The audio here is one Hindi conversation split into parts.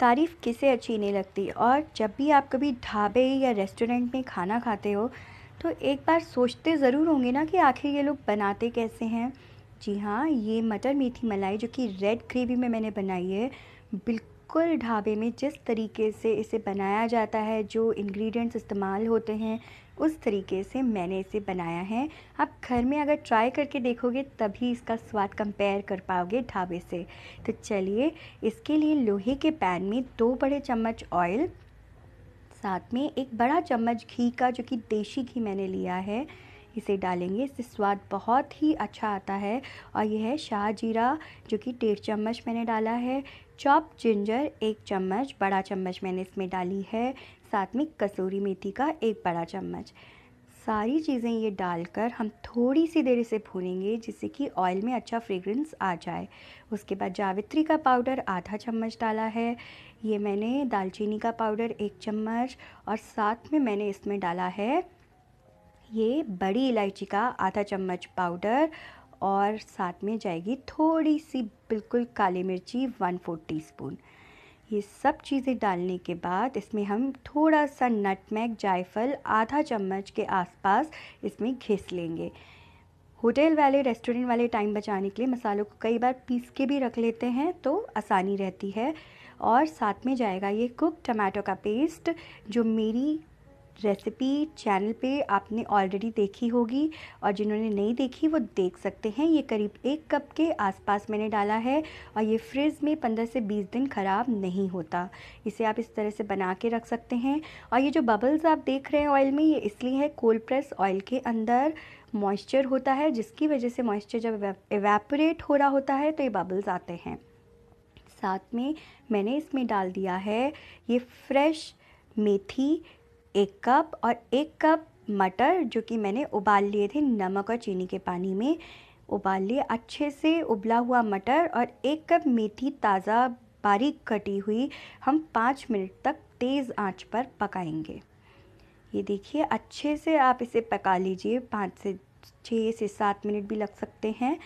तारीफ़ किसे अच्छी नहीं लगती और जब भी आप कभी ढाबे या रेस्टोरेंट में खाना खाते हो तो एक बार सोचते ज़रूर होंगे ना कि आखिर ये लोग बनाते कैसे हैं जी हाँ ये मटर मेथी मलाई जो कि रेड ग्रेवी में मैंने बनाई है बिल्कुल गुल ढाबे में जिस तरीके से इसे बनाया जाता है जो इंग्रेडिएंट्स इस्तेमाल होते हैं उस तरीके से मैंने इसे बनाया है आप घर में अगर ट्राई करके देखोगे तभी इसका स्वाद कंपेयर कर पाओगे ढाबे से तो चलिए इसके लिए लोहे के पैन में दो बड़े चम्मच ऑयल साथ में एक बड़ा चम्मच घी का जो कि देसी घी मैंने लिया है इसे डालेंगे इससे स्वाद बहुत ही अच्छा आता है और यह है शाह जीरा जो कि डेढ़ चम्मच मैंने डाला है चॉप जिंजर एक चम्मच बड़ा चम्मच मैंने इसमें डाली है साथ में कसूरी मेथी का एक बड़ा चम्मच सारी चीज़ें ये डालकर हम थोड़ी सी देर इसे भूनेंगे जिससे कि ऑयल में अच्छा फ्रेग्रेंस आ जाए उसके बाद जावित्री का पाउडर आधा चम्मच डाला है ये मैंने दालचीनी का पाउडर एक चम्मच और साथ में मैंने इसमें डाला है ये बड़ी इलायची का आधा चम्मच पाउडर और साथ में जाएगी थोड़ी सी बिल्कुल काली मिर्ची वन फोर स्पून ये सब चीज़ें डालने के बाद इसमें हम थोड़ा सा नटमैग जायफल आधा चम्मच के आसपास इसमें घिस लेंगे होटल वाले रेस्टोरेंट वाले टाइम बचाने के लिए मसालों को कई बार पीस के भी रख लेते हैं तो आसानी रहती है और साथ में जाएगा ये कुक टमाटो का पेस्ट जो मेरी रेसिपी चैनल पे आपने ऑलरेडी देखी होगी और जिन्होंने नहीं देखी वो देख सकते हैं ये करीब एक कप के आसपास मैंने डाला है और ये फ्रिज में 15 से 20 दिन ख़राब नहीं होता इसे आप इस तरह से बना के रख सकते हैं और ये जो बबल्स आप देख रहे हैं ऑयल में ये इसलिए है कोल्ड प्रेस ऑयल के अंदर मॉइस्चर होता है जिसकी वजह से मॉइस्चर जब एवेपोरेट हो रहा होता है तो ये बबल्स आते हैं साथ में मैंने इसमें डाल दिया है ये फ्रेश मेथी एक कप और एक कप मटर जो कि मैंने उबाल लिए थे नमक और चीनी के पानी में उबाल लिए अच्छे से उबला हुआ मटर और एक कप मेथी ताज़ा बारीक कटी हुई हम पाँच मिनट तक तेज़ आंच पर पकाएंगे ये देखिए अच्छे से आप इसे पका लीजिए पाँच से छः से सात मिनट भी लग सकते हैं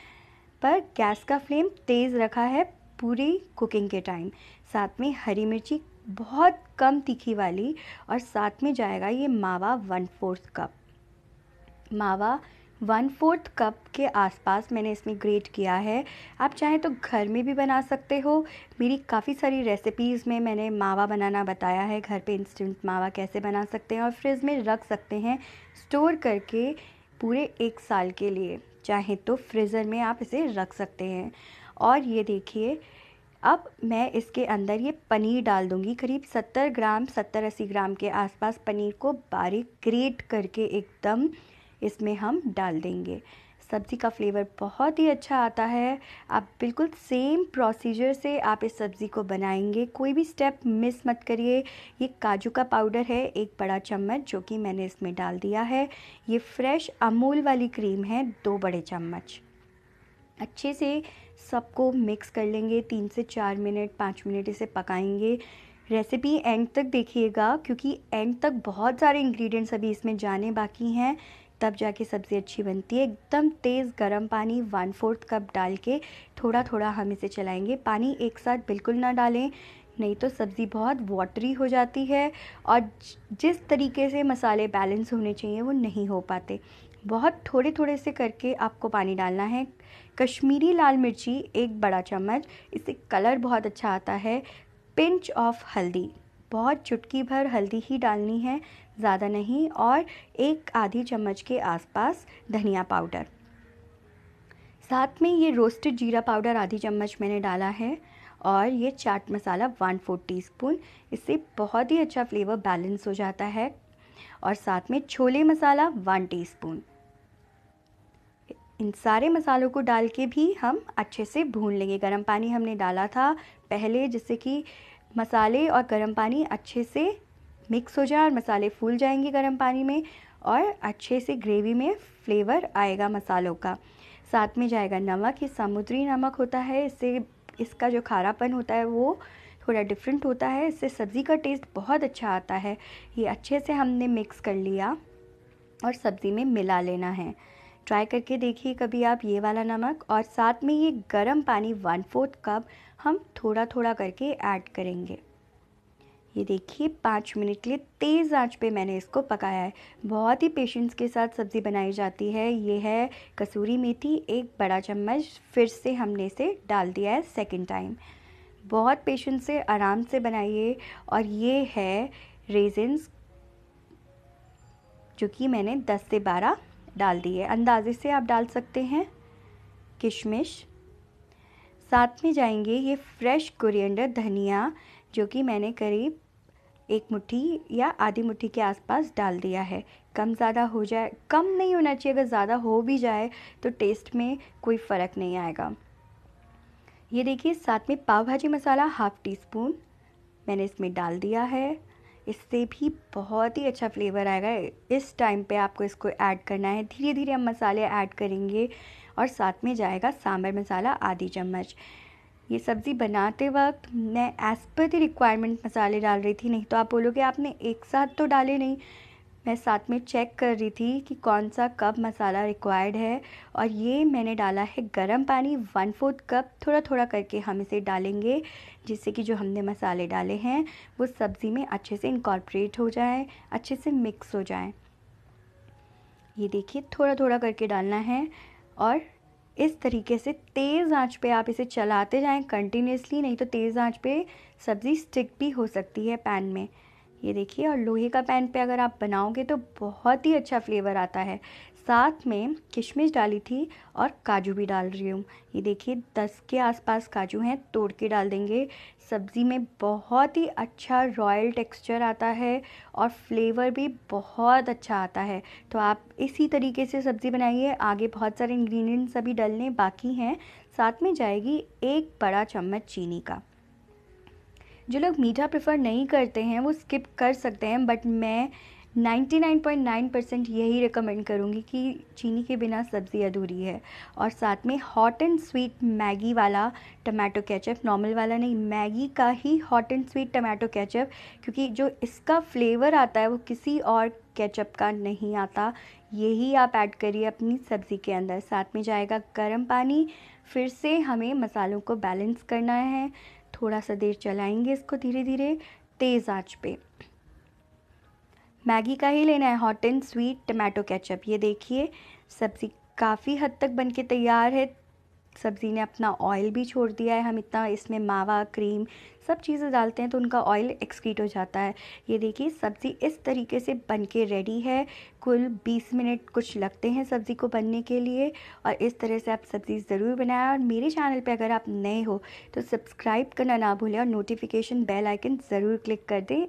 पर गैस का फ्लेम तेज़ रखा है पूरी कुकिंग के टाइम साथ में हरी मिर्ची बहुत कम तीखी वाली और साथ में जाएगा ये मावा वन फोर्थ कप मावा वन फोर्थ कप के आसपास मैंने इसमें ग्रेट किया है आप चाहें तो घर में भी बना सकते हो मेरी काफ़ी सारी रेसिपीज़ में मैंने मावा बनाना बताया है घर पे इंस्टेंट मावा कैसे बना सकते हैं और फ्रिज में रख सकते हैं स्टोर करके पूरे एक साल के लिए चाहें तो फ्रीज़र में आप इसे रख सकते हैं और ये देखिए अब मैं इसके अंदर ये पनीर डाल दूँगी करीब सत्तर ग्राम सत्तर अस्सी ग्राम के आसपास पनीर को बारीक ग्रेट करके एकदम इसमें हम डाल देंगे सब्ज़ी का फ्लेवर बहुत ही अच्छा आता है आप बिल्कुल सेम प्रोसीजर से आप इस सब्ज़ी को बनाएंगे कोई भी स्टेप मिस मत करिए ये काजू का पाउडर है एक बड़ा चम्मच जो कि मैंने इसमें डाल दिया है ये फ्रेश अमूल वाली क्रीम है दो बड़े चम्मच अच्छे से सबको मिक्स कर लेंगे तीन से चार मिनट पाँच मिनट इसे पकाएंगे रेसिपी एंड तक देखिएगा क्योंकि एंड तक बहुत सारे इंग्रेडिएंट्स अभी इसमें जाने बाकी हैं तब जाके सब्ज़ी अच्छी बनती है एकदम तेज़ गर्म पानी वन फोर्थ कप डाल के थोड़ा थोड़ा हम इसे चलाएंगे पानी एक साथ बिल्कुल ना डालें नहीं तो सब्ज़ी बहुत वाटरी हो जाती है और जिस तरीके से मसाले बैलेंस होने चाहिए वो नहीं हो पाते बहुत थोड़े थोड़े से करके आपको पानी डालना है कश्मीरी लाल मिर्ची एक बड़ा चम्मच इससे कलर बहुत अच्छा आता है पिंच ऑफ हल्दी बहुत चुटकी भर हल्दी ही डालनी है ज़्यादा नहीं और एक आधी चम्मच के आसपास धनिया पाउडर साथ में ये रोस्टेड जीरा पाउडर आधी चम्मच मैंने डाला है और ये चाट मसाला वन फोर टी स्पून इससे बहुत ही अच्छा फ्लेवर बैलेंस हो जाता है और साथ में छोले मसाला वन टीस्पून इन सारे मसालों को डाल के भी हम अच्छे से भून लेंगे गर्म पानी हमने डाला था पहले जिससे कि मसाले और गर्म पानी अच्छे से मिक्स हो जाए और मसाले फूल जाएंगे गर्म पानी में और अच्छे से ग्रेवी में फ्लेवर आएगा मसालों का साथ में जाएगा नमक ये समुद्री नमक होता है इससे इसका जो खारापन होता है वो थोड़ा डिफरेंट होता है इससे सब्ज़ी का टेस्ट बहुत अच्छा आता है ये अच्छे से हमने मिक्स कर लिया और सब्ज़ी में मिला लेना है ट्राई करके देखिए कभी आप ये वाला नमक और साथ में ये गर्म पानी वन फोर्थ कप हम थोड़ा थोड़ा करके ऐड करेंगे ये देखिए पाँच मिनट के लिए तेज़ आंच पे मैंने इसको पकाया है बहुत ही पेशेंस के साथ सब्ज़ी बनाई जाती है ये है कसूरी मेथी एक बड़ा चम्मच फिर से हमने इसे डाल दिया है सेकेंड टाइम बहुत पेशेंस से आराम से बनाइए और ये है रेजेंस जो कि मैंने 10 से 12 डाल दी है अंदाज़े से आप डाल सकते हैं किशमिश साथ में जाएंगे ये फ्रेश कुरियंडर धनिया जो कि मैंने करीब एक मुट्ठी या आधी मुट्ठी के आसपास डाल दिया है कम ज़्यादा हो जाए कम नहीं होना चाहिए अगर ज़्यादा हो भी जाए तो टेस्ट में कोई फ़र्क नहीं आएगा ये देखिए साथ में पाव भाजी मसाला हाफ़ टी स्पून मैंने इसमें डाल दिया है इससे भी बहुत ही अच्छा फ्लेवर आएगा इस टाइम पे आपको इसको ऐड करना है धीरे धीरे हम मसाले ऐड करेंगे और साथ में जाएगा सांभर मसाला आधी चम्मच ये सब्ज़ी बनाते वक्त मैं एज़ पर द रिक्वायरमेंट मसाले डाल रही थी नहीं तो आप बोलोगे आपने एक साथ तो डाले नहीं मैं साथ में चेक कर रही थी कि कौन सा कप मसाला रिक्वायर्ड है और ये मैंने डाला है गर्म पानी वन फोर्थ कप थोड़ा थोड़ा करके हम इसे डालेंगे जिससे कि जो हमने मसाले डाले हैं वो सब्ज़ी में अच्छे से इनकॉर्पोरेट हो जाए अच्छे से मिक्स हो जाए ये देखिए थोड़ा थोड़ा करके डालना है और इस तरीके से तेज़ आंच पे आप इसे चलाते जाएं कंटिन्यूसली नहीं तो तेज़ आंच पे सब्ज़ी स्टिक भी हो सकती है पैन में ये देखिए और लोहे का पैन पे अगर आप बनाओगे तो बहुत ही अच्छा फ्लेवर आता है साथ में किशमिश डाली थी और काजू भी डाल रही हूँ ये देखिए दस के आसपास काजू हैं तोड़ के डाल देंगे सब्ज़ी में बहुत ही अच्छा रॉयल टेक्सचर आता है और फ्लेवर भी बहुत अच्छा आता है तो आप इसी तरीके से सब्ज़ी बनाइए आगे बहुत सारे इंग्रेडिएंट्स अभी डलने बाकी हैं साथ में जाएगी एक बड़ा चम्मच चीनी का जो लोग मीठा प्रेफर नहीं करते हैं वो स्किप कर सकते हैं बट मैं 99.9 परसेंट यही रिकमेंड करूँगी कि चीनी के बिना सब्ज़ी अधूरी है और साथ में हॉट एंड स्वीट मैगी वाला टमाटो केचप नॉर्मल वाला नहीं मैगी का ही hot and sweet tomato ketchup क्योंकि जो इसका फ्लेवर आता है वो किसी और केचप का नहीं आता यही आप ऐड करिए अपनी सब्ज़ी के अंदर साथ में जाएगा गर्म पानी फिर से हमें मसालों को बैलेंस करना है थोड़ा सा देर चलाएंगे इसको धीरे धीरे तेज़ आंच पे मैगी का ही लेना है hot and sweet tomato ketchup ये देखिए सब्ज़ी काफ़ी हद तक बनके तैयार है सब्ज़ी ने अपना ऑयल भी छोड़ दिया है हम इतना इसमें मावा क्रीम सब चीज़ें डालते हैं तो उनका ऑयल एक्सक्रीट हो जाता है ये देखिए सब्ज़ी इस तरीके से बन के रेडी है कुल 20 मिनट कुछ लगते हैं सब्ज़ी को बनने के लिए और इस तरह से आप सब्ज़ी ज़रूर बनाएं और मेरे चैनल पे अगर आप नए हो तो सब्सक्राइब करना ना भूलें और नोटिफिकेशन बेल आइकन ज़रूर क्लिक कर दें